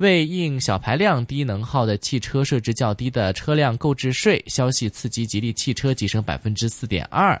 為應小排量低能耗的汽車設置較低的車輛購置稅，消息刺激吉利汽車提升百分之四點二。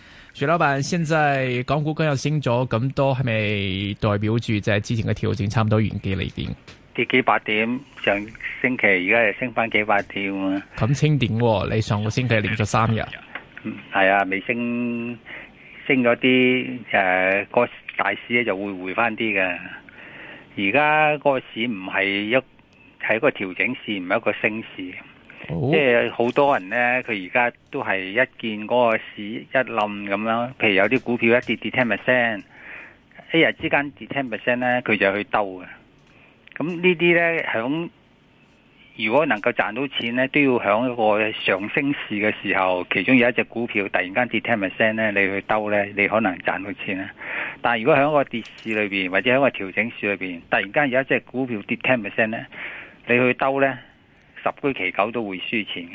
徐老闆，現在港股今日升咗咁多，係咪代表住就係之前嘅調整差唔多完結？嚟已經跌幾百點，上星期而家又升翻幾百點啊！咁清點、哦，你上個星期連咗三日，係、嗯、啊，未升升咗啲誒，個、呃、大市咧就會回翻啲嘅。而家個市唔係一係一個調整市，唔係一個升市。即係好多人呢，佢而家都係一見嗰個市一冧咁樣，譬如有啲股票一跌跌 ten percent，一日之間跌 ten percent 咧，佢就去兜嘅。咁呢啲呢，響，如果能夠賺到錢呢，都要響一個上升市嘅時候，其中有一隻股票突然間跌 ten percent 咧，你去兜呢，你可能賺到錢啊。但如果響一個跌市裏邊，或者喺個調整市裏邊，突然間有一隻股票跌 ten percent 咧，你去兜呢。十居其九都會輸錢嘅，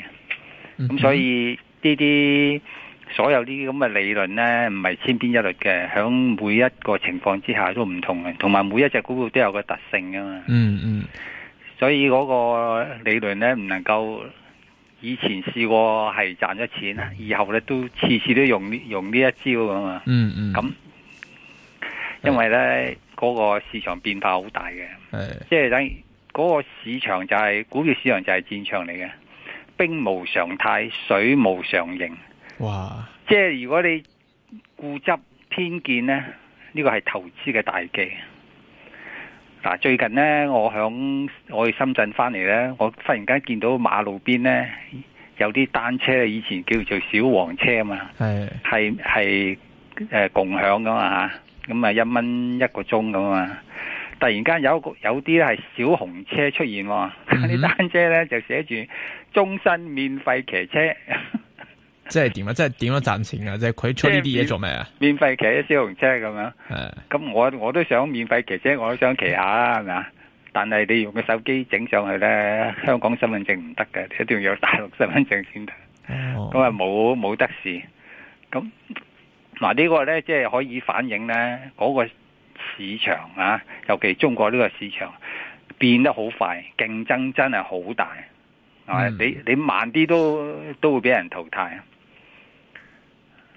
咁、嗯、所以呢啲所有呢啲咁嘅理論呢，唔係千篇一律嘅，響每一個情況之下都唔同嘅，同埋每一隻股票都有個特性㗎嘛。嗯嗯，所以嗰個理論呢，唔能夠以前試過係賺咗錢，以後呢都次次都用用呢一招㗎嘛。嗯嗯，咁因為呢，嗰、嗯嗰個市場變化好大嘅，即係等。嗰、那個市場就係股票市場，就係戰場嚟嘅，兵無常態，水無常形。哇！即係如果你固執偏見呢，呢、這個係投資嘅大忌。嗱、啊，最近呢，我喺我去深圳翻嚟呢，我忽然間見到馬路邊呢，有啲單車，以前叫做小黃車啊嘛，係係、呃、共享㗎嘛吓，咁啊一蚊一個鐘咁嘛。突然間有有啲咧，係小紅車出現，哦，啲、嗯、 單車咧，就寫住終身免費騎車， 即係點啊？即係點樣賺錢啊？即係佢出呢啲嘢做咩啊？免費騎小紅車咁樣，咁 我我都想免費騎車，我都想騎下，係咪啊？但係你用個手機整上去咧，香港身份證唔得嘅，你一定要有大陸身份證先得，咁啊冇冇得事？咁嗱、啊這個、呢個咧，即係可以反映咧嗰、那個。市場啊，尤其中國呢個市場變得好快，競爭真係好大，係、嗯、你你慢啲都都會俾人淘汰。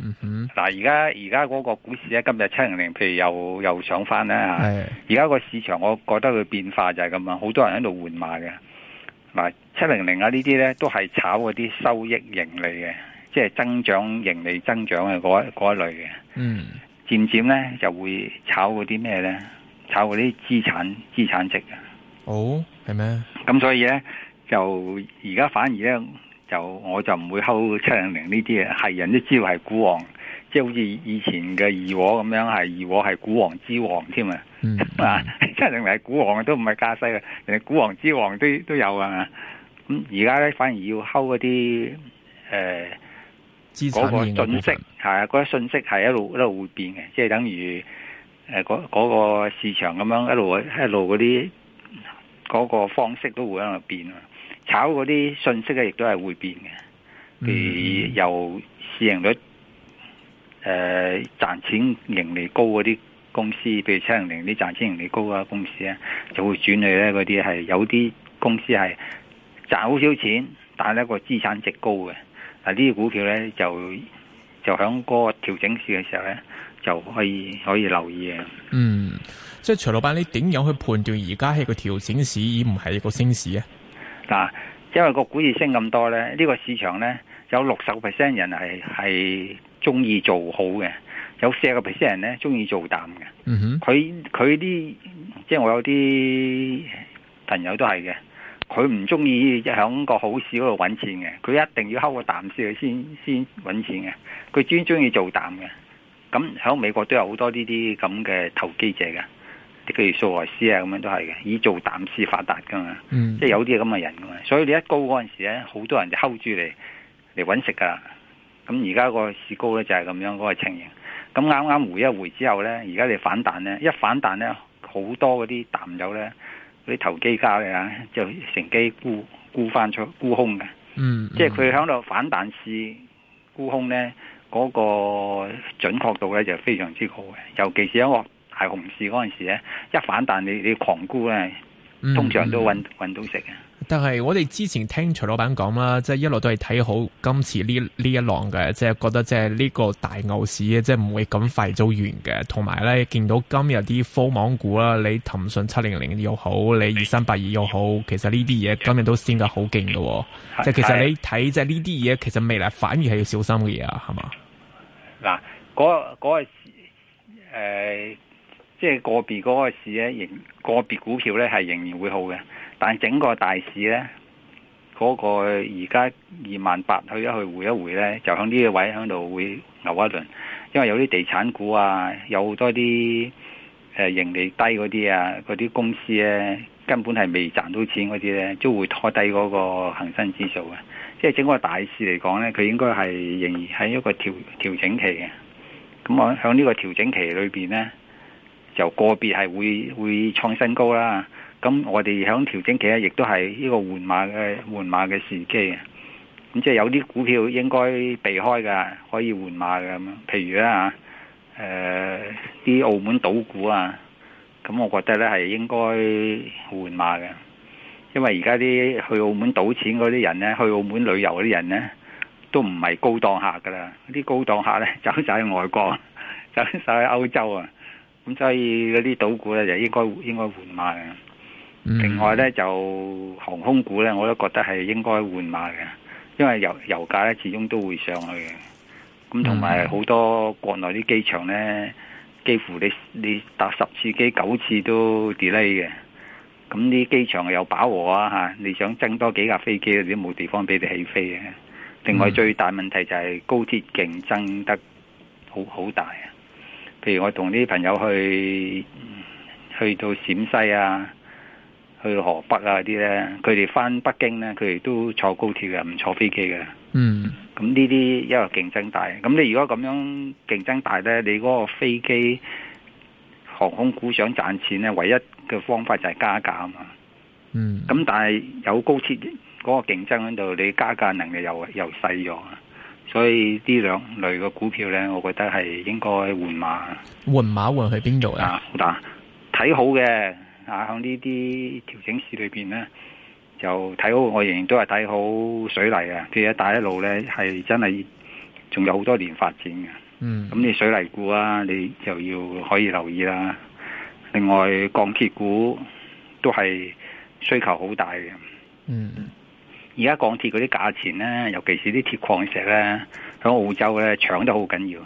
嗯哼，嗱，而家而家嗰個股市咧，今日七零零譬如又又上翻啦吓。係。而家個市場，我覺得佢變化就係咁啊，好多人喺度換馬嘅。嗱，七零零啊呢啲咧，都係炒嗰啲收益盈利嘅，即係增長盈利增長嘅嗰一類嘅。嗯。漸漸咧就會炒嗰啲咩咧，炒嗰啲資產資產值啊！哦、oh?，係、嗯、咩？咁所以咧就而家反而咧就我就唔會 hold 七零零呢啲啊，係人都知道係股王，即係好似以前嘅怡和咁樣，係怡和係股王之王添啊！啊、mm -hmm. 七零零係股王都唔係加西啊，人股王之王都都有啊！咁而家咧反而要 hold 嗰啲誒。呃嗰、嗯、個信息係啊，啲、那個、信息係一路一路會變嘅，即係等於誒，嗰、呃、嗰、那個市場咁樣一路一路嗰啲嗰個方式都會喺度變啊，炒嗰啲信息咧亦都係會變嘅。譬如由市盈率誒賺、呃、錢盈利高嗰啲公司，譬如七零零啲賺錢盈利高啊公司啊，就會轉去咧嗰啲係有啲公司係賺好少錢，但係呢個資產值高嘅。嗱呢啲股票咧就就響個調整市嘅時候咧就可以可以留意嘅。嗯，即係徐老闆，你點樣去判斷而家係個調整市，而唔係一個升市啊？嗱，因為個股市升咁多咧，呢個市場咧有六十個 percent 人係係中意做好嘅，有四十個 percent 人咧中意做淡嘅。嗯哼，佢佢啲即係我有啲朋友都係嘅。佢唔中意喺個好市嗰度揾錢嘅，佢一定要睺個淡市先先揾錢嘅。佢專中意做淡嘅。咁喺美國都有好多呢啲咁嘅投機者嘅，譬如索羅斯啊咁樣都係嘅，以做淡市發達噶嘛。嗯，即係有啲咁嘅人噶嘛。所以你一高嗰陣時咧，好多人就睺住嚟嚟揾食噶。咁而家個市高咧就係咁樣嗰個情形。咁啱啱回一回之後咧，而家你反彈咧，一反彈咧，好多嗰啲淡友咧。嗰啲投機家嚟啊，就乘機沽沽翻出沽空嘅、嗯，嗯，即係佢喺度反彈市沽空咧，嗰、嗰個準確度咧就非常之高嘅，尤其是喺我大熊市嗰陣時咧，一反彈你你狂沽咧、嗯嗯，通常都揾揾到食嘅。但係我哋之前聽徐老闆講啦，即係一路都係睇好今次呢呢一浪嘅，即係覺得即係呢個大牛市即係唔會咁快就完嘅。同埋咧，見到今日啲科網股啦，你騰訊七零零又好，你二三八二又好，其實呢啲嘢，今日都升得好勁喎。即係其實你睇即係呢啲嘢，其實未來反而係要小心嘅嘢啊，係嘛？嗱，嗰、嗰個誒，即、呃、係、就是、個別嗰個市咧，仍個別股票咧係仍然會好嘅。但整個大市呢，嗰、嗰個而家二萬八去一去回一回呢，就喺呢個位響度會留一輪，因為有啲地產股啊，有好多啲盈利低嗰啲啊，嗰啲公司呢，根本係未賺到錢嗰啲呢，都會拖低嗰個恆生指數嘅。即係整個大市嚟講呢，佢應該係仍然喺一個調，調個調整期嘅。咁我喺呢個調整期裏面呢，就個別係會會創新高啦。咁我哋喺調整期咧，亦都係呢個換馬嘅換馬嘅時機啊！咁即係有啲股票應該避開㗎，可以換馬㗎。咁。譬如咧，誒、呃、啲澳門賭股啊，咁我覺得呢係應該換馬嘅，因為而家啲去澳門賭錢嗰啲人呢，去澳門旅遊嗰啲人呢，都唔係高檔客㗎啦。啲高檔客呢，走曬去外國，走曬去歐洲啊！咁所以嗰啲賭股咧就應該應該換馬啊！嗯、另外咧就航空股咧，我都覺得係應該換馬嘅，因為油油價咧始終都會上去嘅。咁同埋好多國內啲機場咧，幾乎你你搭十次機九次都 delay 嘅。咁啲機場有飽和啊吓、啊，你想增多幾架飛機，啲冇地方俾你起飛嘅，嗯。另外最大問題就係高鐵競爭得好好大啊！譬如我同啲朋友去去到陝西啊。去河北啊啲咧，佢哋返北京咧，佢哋都坐高鐵嘅，唔坐飛機嘅。嗯，咁呢啲因為競爭大，咁你如果咁樣競爭大咧，你嗰個飛機航空股想賺錢咧，唯一嘅方法就係加價啊嘛。嗯，咁但係有高鐵嗰個競爭喺度，你加價能力又又細咗，所以呢兩類嘅股票咧，我覺得係應該換馬。換馬換去邊度啊？嗱，睇好嘅。喺呢啲調整市裏邊咧，就睇好，我仍然都係睇好水泥啊！佢一帶一路咧係真係仲有好多年發展嘅。嗯，咁你水泥股啊，你就要可以留意啦。另外鋼鐵股都係需求好大嘅。嗯嗯，而家鋼鐵嗰啲價錢咧，尤其是啲鐵礦石咧，喺澳洲咧搶得好緊要。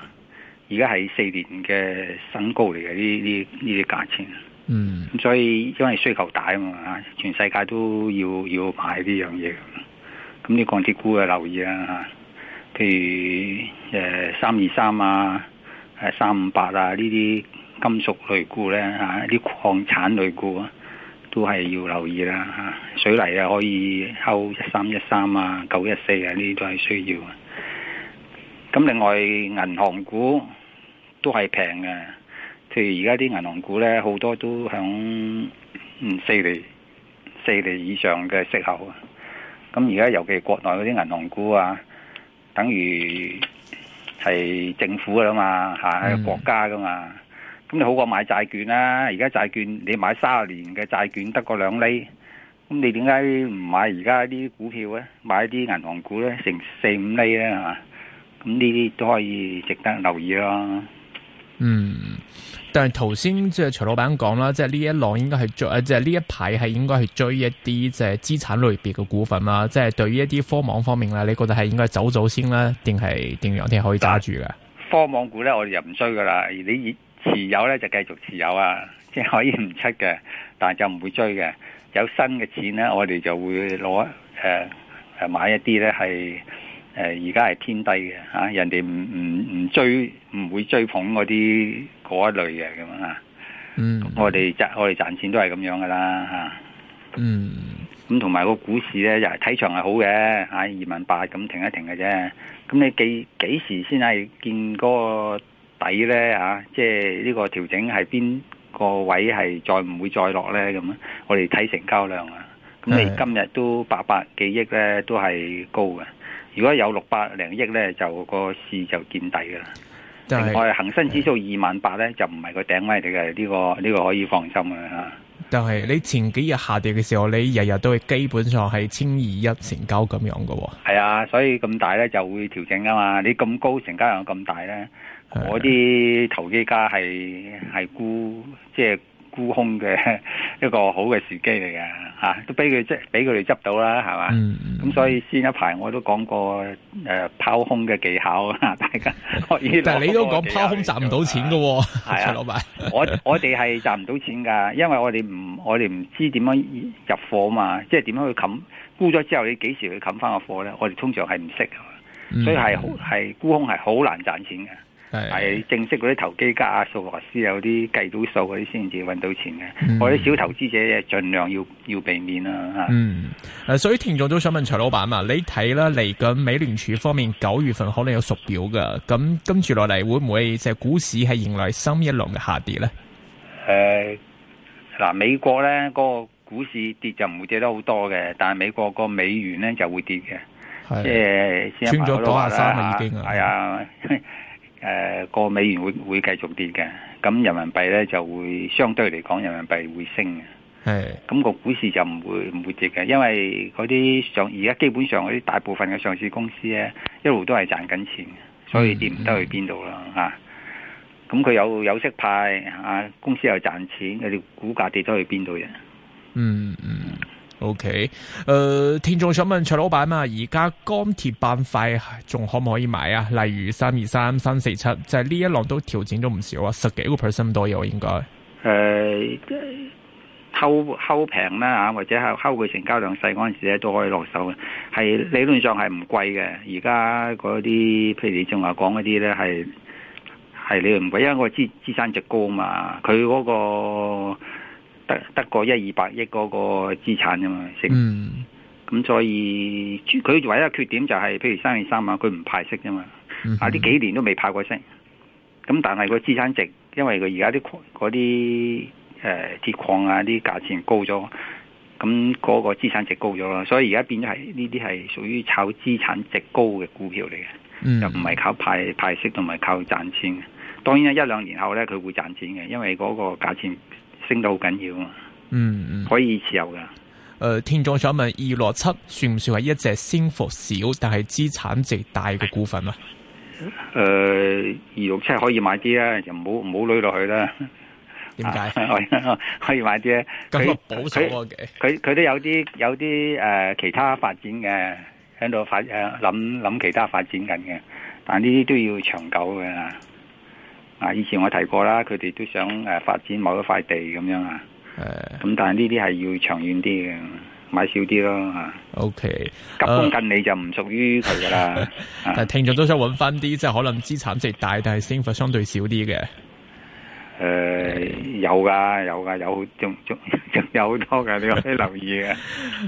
而家係四年嘅新高嚟嘅呢啲呢啲價錢。嗯，所以因為需求大啊嘛，全世界都要要買呢樣嘢，咁啲鋼鐵股啊留意啦，啊，譬如誒三二三啊，誒三五八啊屬呢啲金屬類股咧吓，啲、啊、礦產類股啊，都係要留意啦吓，啊，水泥啊可以拋一三一三啊九一四啊呢啲都係需要的，咁另外銀行股都係平嘅。譬如而家啲銀行股咧，好多都響四厘、四厘以上嘅息口啊！咁而家尤其係國內嗰啲銀行股啊，等於係政府噶啦嘛，嚇係國家噶嘛。咁你好過買債券啦，而家債券你買三十年嘅債券得個兩厘，咁你點解唔買而家啲股票咧？買一啲銀行股咧成四五厘咧嚇？咁呢啲都可以值得留意咯。嗯。但係，頭先即係徐老闆講啦，即係呢一浪應該係追，即係呢一排係應該係追一啲即係資產類別嘅股份啦。即係對於一啲科網方面咧，你覺得係應該走早先啦，定係點樣先可以揸住嘅？科網股咧，我哋又唔追噶啦。而你持有咧就繼續持有啊，即係可以唔出嘅，但係就唔會追嘅。有新嘅錢咧，我哋就會攞誒誒買一啲咧係。誒，而家係偏低嘅嚇，人哋唔唔唔追，唔會追捧嗰啲嗰一類嘅咁啊。嗯，我哋賺我哋賺錢都係咁樣噶啦嚇。嗯，咁同埋個股市咧又係睇場係好嘅嚇，二萬八咁停一停嘅啫。咁你幾幾時先係見嗰個底咧嚇？即係呢個調整係邊個位係再唔會再落咧咁啊？我哋睇成交量啊，咁你今日都八百幾億咧都係高嘅。如果有六百零億咧，就個市就見底噶啦。另外恒生指數二萬八咧，就唔係個頂位嚟嘅，呢個呢個可以放心啊吓。但係你前幾日下跌嘅時候，你日日都係基本上係千二一成交咁樣㗎喎。係啊，所以咁大咧就會調整啊嘛。你咁高成交量咁大咧，嗰啲投機家係係估即係。沽空嘅一個好嘅時機嚟嘅嚇，都俾佢即係俾佢哋執到啦，係嘛？咁、嗯嗯、所以先一排我都講過誒、呃、拋空嘅技巧，大家可以。但係你都講拋空賺唔到錢嘅喎，係呀，老闆。我我哋係賺唔到錢㗎，因為我哋唔我哋唔知點樣入貨啊嘛，即係點樣去冚沽咗之後，你幾時去冚翻個貨咧？我哋通常係唔識㗎，所以係係、嗯、沽空係好難賺錢嘅。係正式嗰啲投機家啊、索羅斯有啲計到數嗰啲先至搵到錢嘅、嗯，我啲小投資者嘢盡量要要避免啦、啊、吓。誒、嗯，所以聽眾都想問徐老闆啊，你睇啦，嚟緊美聯儲方面九月份可能有縮表嘅，咁跟住落嚟會唔會就係股市係迎來新一輪嘅下跌咧？誒、呃，嗱、呃，美國咧嗰、那個股市跌就唔會跌得好多嘅，但係美國個美元咧就會跌嘅，即係穿咗九廿三啦，呃、已經係啊。哎 誒、呃，個美元會會繼續跌嘅，咁人民幣咧就會相對嚟講，人民幣會升嘅。係，咁個股市就唔會唔會跌嘅，因為嗰啲上而家基本上嗰啲大部分嘅上市公司咧一路都係賺緊錢，所以跌唔得去邊度啦吓。咁佢、嗯啊、有有息派啊，公司又賺錢，佢哋股價跌得去邊度嘅？嗯，嗯。O K，誒，聽眾想問徐老闆嘛？而家鋼鐵板塊仲可唔可以買啊？例如三二三、三四七，就係呢一浪都調整咗唔少啊，十幾個 percent 都有應該誒，溝溝平啦吓，或者係溝佢成交量細嗰陣時咧都可以落手嘅，係理論上係唔貴嘅。而家嗰啲，譬如你仲話講嗰啲咧，係係你唔貴，因為個資資產值高嘛，佢嗰、嗰個。得得個一二百億嗰個資產啫嘛，升，咁所以佢唯一缺點就係、是，譬如三月三啊，佢唔派息啫嘛，啊、mm、啲 -hmm. 幾年都未派過息，咁但係個資產值，因為佢而家啲嗰啲誒鐵礦啊啲價錢高咗，咁嗰個資產值高咗啦，所以而家變咗係呢啲係屬於炒資產值高嘅股票嚟嘅，又唔係靠派派息同埋靠賺錢，當然一兩年後咧佢會賺錢嘅，因為嗰個價錢。升到好緊要啊！嗯嗯，可以持有噶。誒、嗯嗯呃，聽眾想問：二六七算唔算係一隻升幅少但係資產值大嘅股份啊？誒、呃，二六七可以買啲啊，就唔好唔好追落去啦？點解？ 可以可以買啲啊？咁個保守嘅，佢佢都有啲有啲誒、呃、其他發展嘅，喺度發誒諗諗其他發展緊嘅，但呢啲都要長久嘅。以前我提過啦，佢哋都想誒發展某一塊地咁樣啊。係。咁但係呢啲係要長遠啲嘅，買少啲咯嚇 O K。Okay, uh, 急功近利就唔屬於佢噶啦。 uh, 但係聽眾都想揾翻啲即係可能資產值大，但係升幅相對少啲嘅。誒、呃，有噶，有噶，有仲仲仲有好多噶，你可以留意嘅。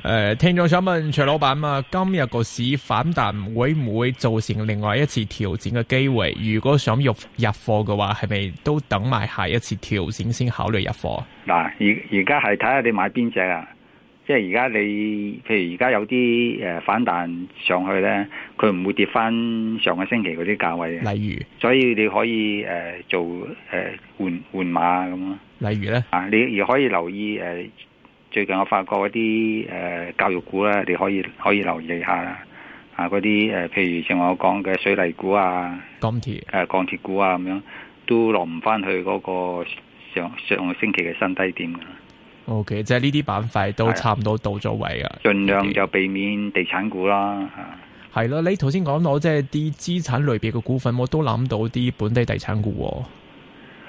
誒，聽眾想問徐老闆啊，今日個市反彈會唔會造成另外一次調整嘅機會？如果想入入貨嘅話，係咪都等埋下一次調整先考慮入貨？嗱，而而家係睇下你買邊隻啊！即係而家你，譬如而家有啲反彈上去咧，佢唔會跌翻上個星期嗰啲價位嘅。例如，所以你可以誒、呃、做誒、呃、換換馬咁咯。例如咧，啊，你而可以留意、啊、最近我發覺嗰啲誒教育股咧，你可以可以留意下啦。啊，嗰啲誒譬如正話我講嘅水泥股啊，鋼鐵、啊、鋼鐵股啊咁樣，都落唔翻去嗰個上上個星期嘅新低點嘅。O、okay, K，即係呢啲板塊都差唔多到咗位啊。盡量就避免地產股啦，係咯。你頭先講到，即係啲資產類別嘅股份，我都諗到啲本地地產股。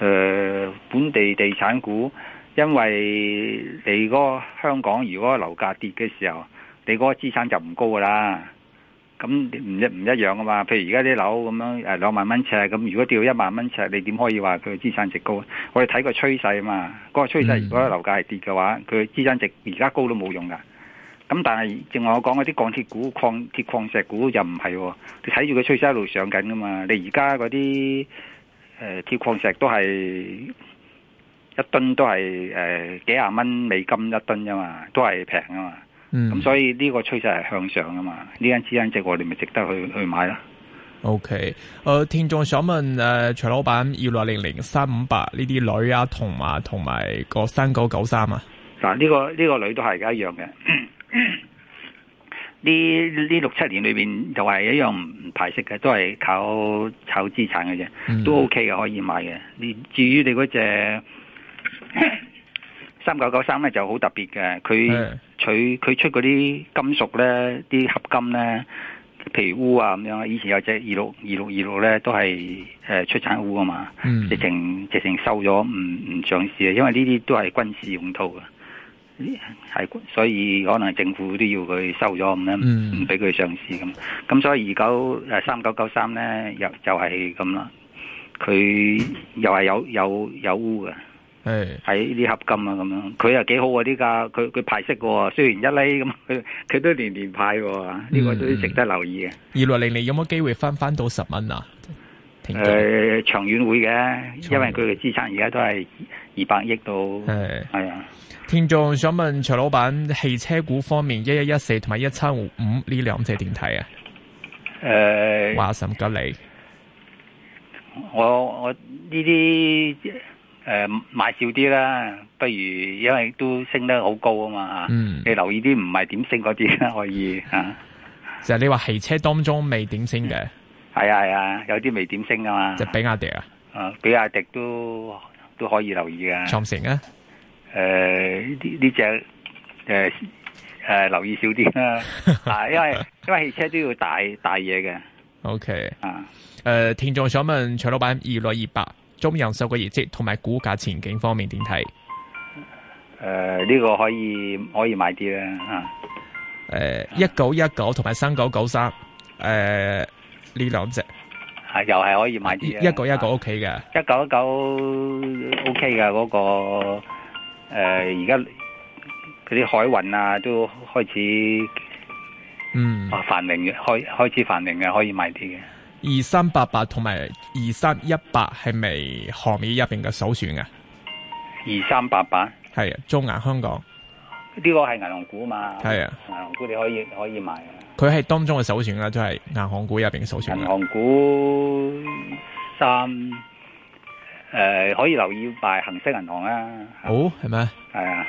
誒、呃，本地地產股，因為你嗰個香港如果樓價跌嘅時候，你嗰個資產就唔高噶啦。咁唔一唔一樣啊嘛？譬如而家啲樓咁樣誒兩、呃、萬蚊尺，咁如果掉一萬蚊尺，你點可以話佢資產值高？我哋睇個趨勢啊嘛。嗰個趨勢如果樓價係跌嘅話，佢資產值而家高都冇用噶。咁但係正話我講嗰啲鋼鐵股、鐵礦石股就唔係喎。你睇住佢趨勢一路上緊噶嘛。你而家嗰啲誒鐵礦石都係一噸都係、呃、幾廿蚊美金一噸啫嘛，都係平啊嘛。嗯，咁、嗯、所以呢個趨勢係向上噶嘛？呢間資產隻我哋咪值得去去買啦。OK，誒、呃，聽眾想問誒、呃，徐老闆二六零零、三五八呢啲女啊，同埋同埋個三九九三啊，嗱、啊，呢、這個呢、這個女都係而家一樣嘅。呢呢 六七年裏邊就係一樣唔排斥嘅，都係靠炒資產嘅啫、嗯，都 OK 嘅，可以買嘅。至於你嗰隻三九九三咧就好特別嘅，佢。佢佢出嗰啲金屬咧，啲合金咧，譬如烏啊咁樣。以前有隻二六二六二六咧，都係、呃、出產烏啊嘛，mm. 直情直情收咗，唔唔上市啊。因為呢啲都係軍事用途啊。係所以可能政府都要佢收咗咁咧，唔俾佢上市咁。咁所以二九呃三九九三咧，又就係咁啦。佢又係有有有烏嘅。係，係呢啲合金啊，咁樣佢又幾好啊，呢家佢佢派息嘅，雖然一厘咁，佢佢都年年派，呢、嗯這個都值得留意嘅。二六零零有冇機會翻翻到十蚊啊？聽眾、呃，長遠會嘅，因為佢嘅資產而家都係二百億到。誒，係啊。聽眾想問徐老闆，汽車股方面，一一一四同埋一七五呢兩隻點睇啊？誒、呃，華晨吉利，我我呢啲。誒、呃，買少啲啦，不如因為都升得好高啊嘛。嗯，你留意啲唔係點升嗰啲啦可以啊。就你話汽車當中未點升嘅，係啊係啊，有啲未點升啊嘛。即係比亞迪啊，啊比亞迪都都可以留意啊。長城啊，誒呢呢隻誒誒、呃呃、留意少啲啦。啊，因為 因為汽車都要大大嘢嘅。O、okay. K 啊，誒、呃，聽眾想問徐老闆二六二八。中油受嘅業績同埋股價前景方面點睇？誒，呢、呃這個可以可以買啲啦，啊，誒、呃呃啊就是，一九一九同埋三九九三，誒、啊，呢兩隻係又係可以買啲，一九一九屋企嘅，一九一九 OK 嘅嗰個誒，而家嗰啲海運啊都開始嗯、啊、繁榮，開開始繁榮嘅，可以買啲嘅。二三八八同埋二三一八係咪行業入邊嘅首選啊？二三八八係啊，中銀香港呢、這個係銀行股嘛？係啊，銀行股你可以可以買佢係當中嘅首選啦，都係銀行股入邊嘅首選。銀行股三誒、呃，可以留意買恒生銀行啦、啊。好係咩？係、哦、啊，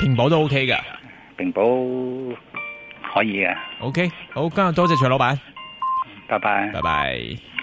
平保都 OK 㗎，平保可以啊。OK，好今日多謝徐老闆。拜拜，拜拜。